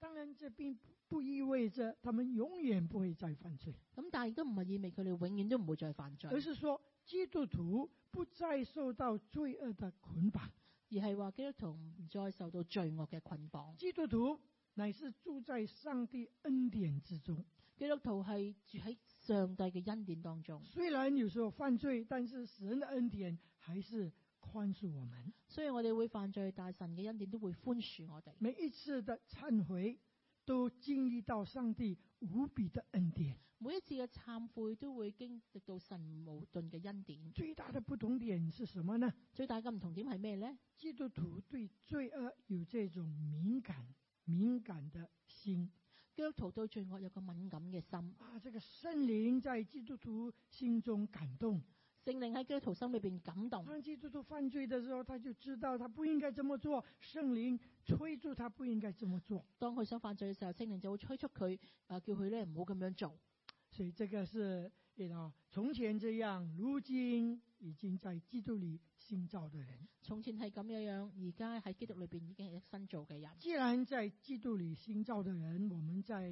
當然，這並不意味着他們永遠不會再犯罪。咁但係亦都唔係意味佢哋永遠都唔會再犯罪，而是說基督徒不再受到罪惡的捆綁，而係話基督徒唔再受到罪惡嘅捆綁。基督徒乃是住在上帝恩典之中，基督徒係住喺上帝嘅恩典當中。雖然有時候犯罪，但是神的恩典還是。寬恕我們，所以我哋會犯罪，大神嘅恩典都會寬恕我哋。每一次的懺悔，都經歷到上帝無比的恩典；每一次嘅懺悔，都會經歷到神無盡嘅恩典。最大的不同點是什麼呢？最大的唔同點係咩呢？基督徒對罪惡有這種敏感、敏感的心，基督徒對罪惡有個敏感嘅心，啊，這個聖靈在基督徒心中感動。聖靈喺基督徒心裏邊感動。當基督徒犯罪的時候，他就知道他不應該這麼做。聖靈催促他不應該這麼做。當佢想犯罪嘅時候，聖靈就會催促佢，誒、啊，叫佢咧唔好咁樣做。所以這個是，從前這樣，如今已經在基督裏新造的人。從前係咁樣樣，而家喺基督裏邊已經係新造嘅人。既然在基督裏新造的人，我們在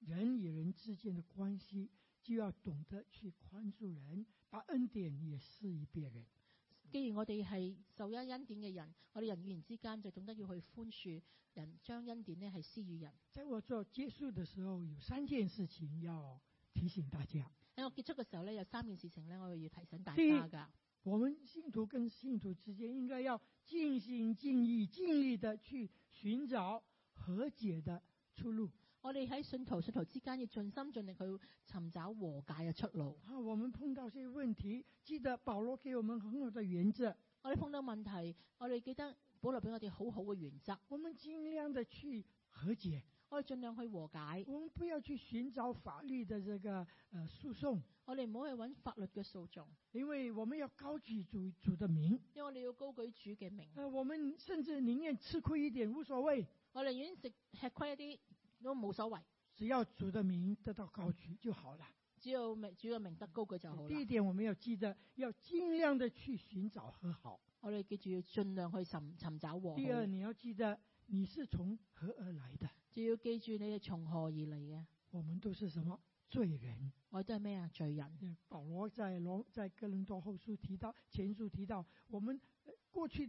人與人之間的關係，就要懂得去寬恕人。把恩典也施於別人。既然我哋係受恩恩典嘅人，我哋人與人之間就總得要去寬恕人，將恩典咧係施於人。在我做結束的時候，有三件事情要提醒大家。喺我結束嘅時候咧，有三件事情咧，我會要提醒大家嘅。我們信徒跟信徒之間應該要盡心盡意盡力地去尋找和解的出路。我哋喺信徒信徒之間要盡心盡力去尋找和解嘅出路。啊，我們碰到些問題，記得保羅給我們很好的原則。我哋碰到問題，我哋記得保羅俾我哋好好嘅原則。我們盡量的去和解。我哋盡量去和解。我們不要去尋找法律的這個誒、呃、訴訟。我哋唔好去揾法律嘅訴訟，因為我們要高舉主主的名。因為你要高舉主嘅名。誒、啊，我們甚至寧願吃虧一點，無所謂。我寧願食吃虧一啲。都冇所謂，只要主的名得到高舉就好了。只要名，只要名得高就好啦。第一點我們要記得，要盡量的去尋找和好。我哋記住要盡量去尋尋找和好。第二，你要記得你是從何而來的。就要記住你係從何而來嘅。我們都是什麼罪人？我哋係咩啊？罪人。保羅在羅在哥林多後書提到，前書提到，我們、呃、過去，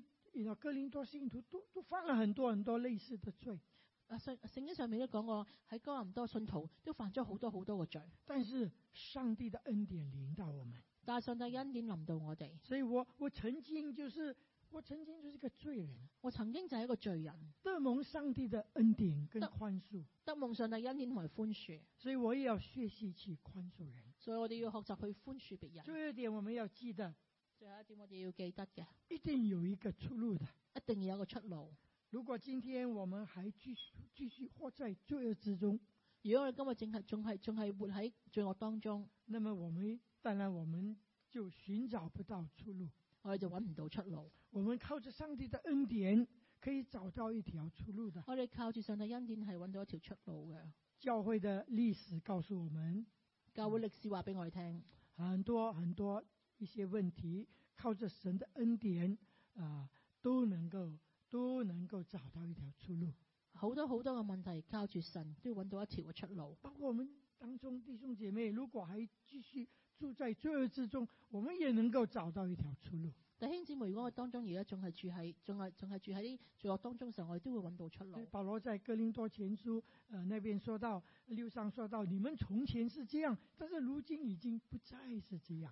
哥林多信徒都都犯了很多很多類似的罪。啊、聖經上面都講過，喺哥林多信徒都犯咗好多好多嘅罪。但是上帝的恩典臨到我們。但上帝恩典臨到我哋。所以我我曾經就是我曾經就是一個罪人，我曾經就係一個罪人。得，得蒙上帝的恩典跟寬恕，得，得蒙上帝恩典同埋寬恕。所以我也要學習去寬恕人。所以我哋要學習去寬恕別人。最後一點我們要記得，最後一點我哋要記得嘅，一定有一個出路嘅，一定要有一個出路。如果今天我們還繼續繼續活在罪惡之中，如果我哋今日正係仲係仲係活喺罪惡當中，那麼我們當然我們就尋找不到出路，我哋就搵唔到出路。我們靠着上帝的恩典可以找到一條出路的。我哋靠住上帝恩典係搵到一條出路嘅。教會的歷史告訴我們，教會歷史話俾我哋聽，嗯，很多很多一些問題靠着神的恩典啊，呃、都能夠。都能夠找到一條出路，好多好多嘅問題靠住神，都揾到一條嘅出路。包括我們當中弟兄姐妹，如果還繼續住在罪惡之中，我們也能夠找到一條出路。弟兄姊妹，如果我當中而家仲係住喺仲係仲係住喺罪惡當中嘅時候，我哋都會揾到出路。保羅在哥林多前書誒、呃、那邊說到六章說到你們從前是這樣，但是如今已經不再是這樣。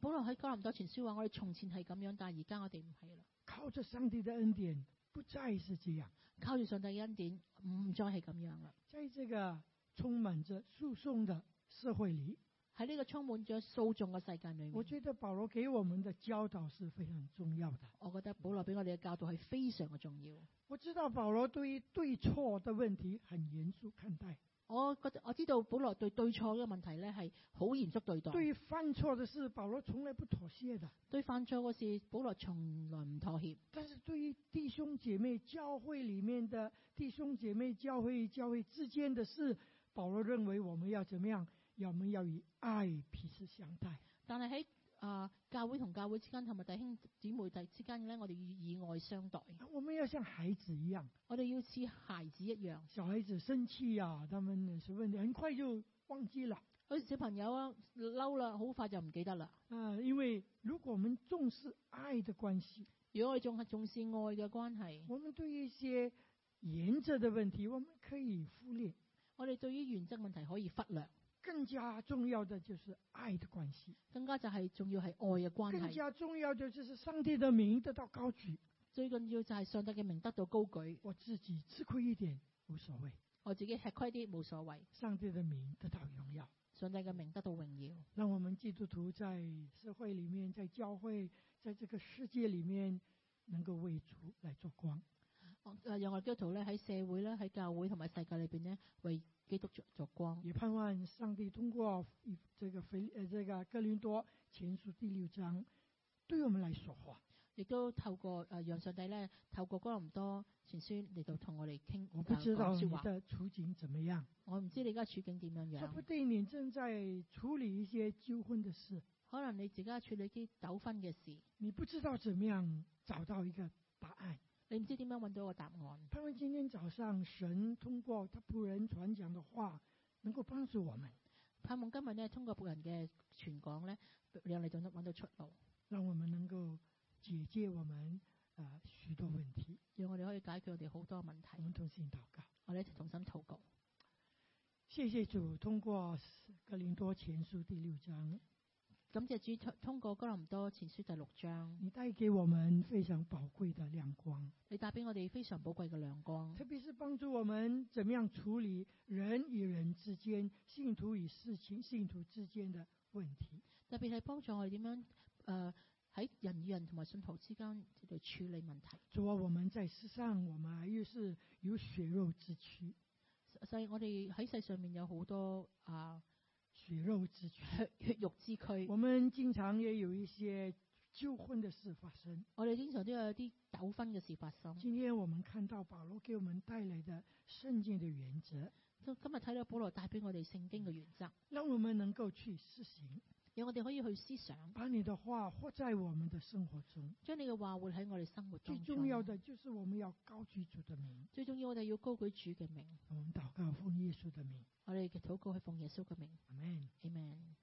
保羅喺哥林多前書話：我哋從前係咁樣，但係而家我哋唔係啦。靠着上帝嘅恩典，不再是這樣，靠住上帝恩典唔再係咁樣啦。在這個充滿着訴訟的社會裏，喺呢個充滿着訴訟嘅世界裏，我覺得保羅給我們的教導是非常重要嘅。我覺得保羅俾我哋嘅教導係非常嘅重要，嗯。我知道保羅對於對錯的問題很嚴肅看待。我覺得我知道保羅對對錯嘅問題咧，係好嚴肅對待。對於犯錯嘅事，保羅從來不妥協嘅。對犯錯嘅事，保羅從來唔妥協。但是對於弟兄姐妹教會裏面嘅弟兄姐妹教會教會之間嘅事，保羅認為我們要怎麼樣？我們要以愛彼此相待。但係喺。啊！教會同教會之間，同埋弟兄姊妹哋之間咧，我哋要以愛相待。我們要像孩子一樣，我哋要似孩子一樣。小孩子生氣啊，他們什麼，很快就忘記了。好似小朋友啊，嬲啦，好快就唔記得啦。啊，因為如果我們重視愛的關係，如果我哋仲係重視愛的關係，我們對於一些原則的問題，我們可以忽略。我哋對於原則問題可以忽略。更加重要的就是愛的關係，更加就係重要係愛嘅關係。更加重要的就是，是上帝的名得到高舉，最緊要就係上帝嘅名得到高舉。我自己吃虧一點無所謂，我自己吃虧啲無所謂。上帝的名得到榮耀，上帝嘅名得到榮耀。讓我們基督徒在社會裏面，在教會，在這個世界裏面，能夠為主來做光。我誒讓愛基督徒咧喺社會咧喺教會同埋世界裏邊呢，為基督着光。而盼望上帝通過呢個非誒這個哥林多前書第六章對我們嚟講，亦都透過誒讓、呃、上帝呢，透過哥林多前書嚟到同我哋傾。我不知道你的處境怎麼樣。我唔知你而家處境點樣樣。說不定你正在處理一些糾紛嘅事，可能你自己處理啲糾紛嘅事。你不知道怎麼樣找到一個答案。你唔知點樣揾到個答案？盼望今天早上神通過他僕人傳講的話，能夠幫助我們。盼望今日咧通過僕人嘅傳講咧，讓你就能揾到出路，讓我們能夠解決我們呃、許多問題，讓我哋可以解決我哋好多問題。我哋一齊重新禱告，謝謝主通過格林多前書第六章。感謝主通通過《哥林多前書》第六章，你帶給我們非常寶貴的亮光。你帶俾我哋非常寶貴嘅亮光，特別是幫助我們點樣處理人與人之間、信徒與事情、信徒之間嘅問題。特別係幫助我哋點樣，誒、呃、喺人與人同埋信徒之間嚟處理問題。作為我們在世上，我們又是有血肉之軀，所以我哋喺世上面有好多啊。呃血肉之軀，血肉之軀。我們經常也有一些糾紛的事發生，我哋經常都有啲糾紛嘅事發生。今天我們看到保羅給我們帶來的聖經的原則，今日睇到保羅帶俾我哋聖經嘅原則，讓我們能夠去施行。有我哋可以去思想，把你的話活在我們的生活中，將你嘅話活喺我哋生活中。最重要的就是我們要高舉主嘅名，最重要我哋要高舉主嘅名。我們禱告奉耶穌的名，我哋嘅禱告係奉耶穌嘅名。Amen。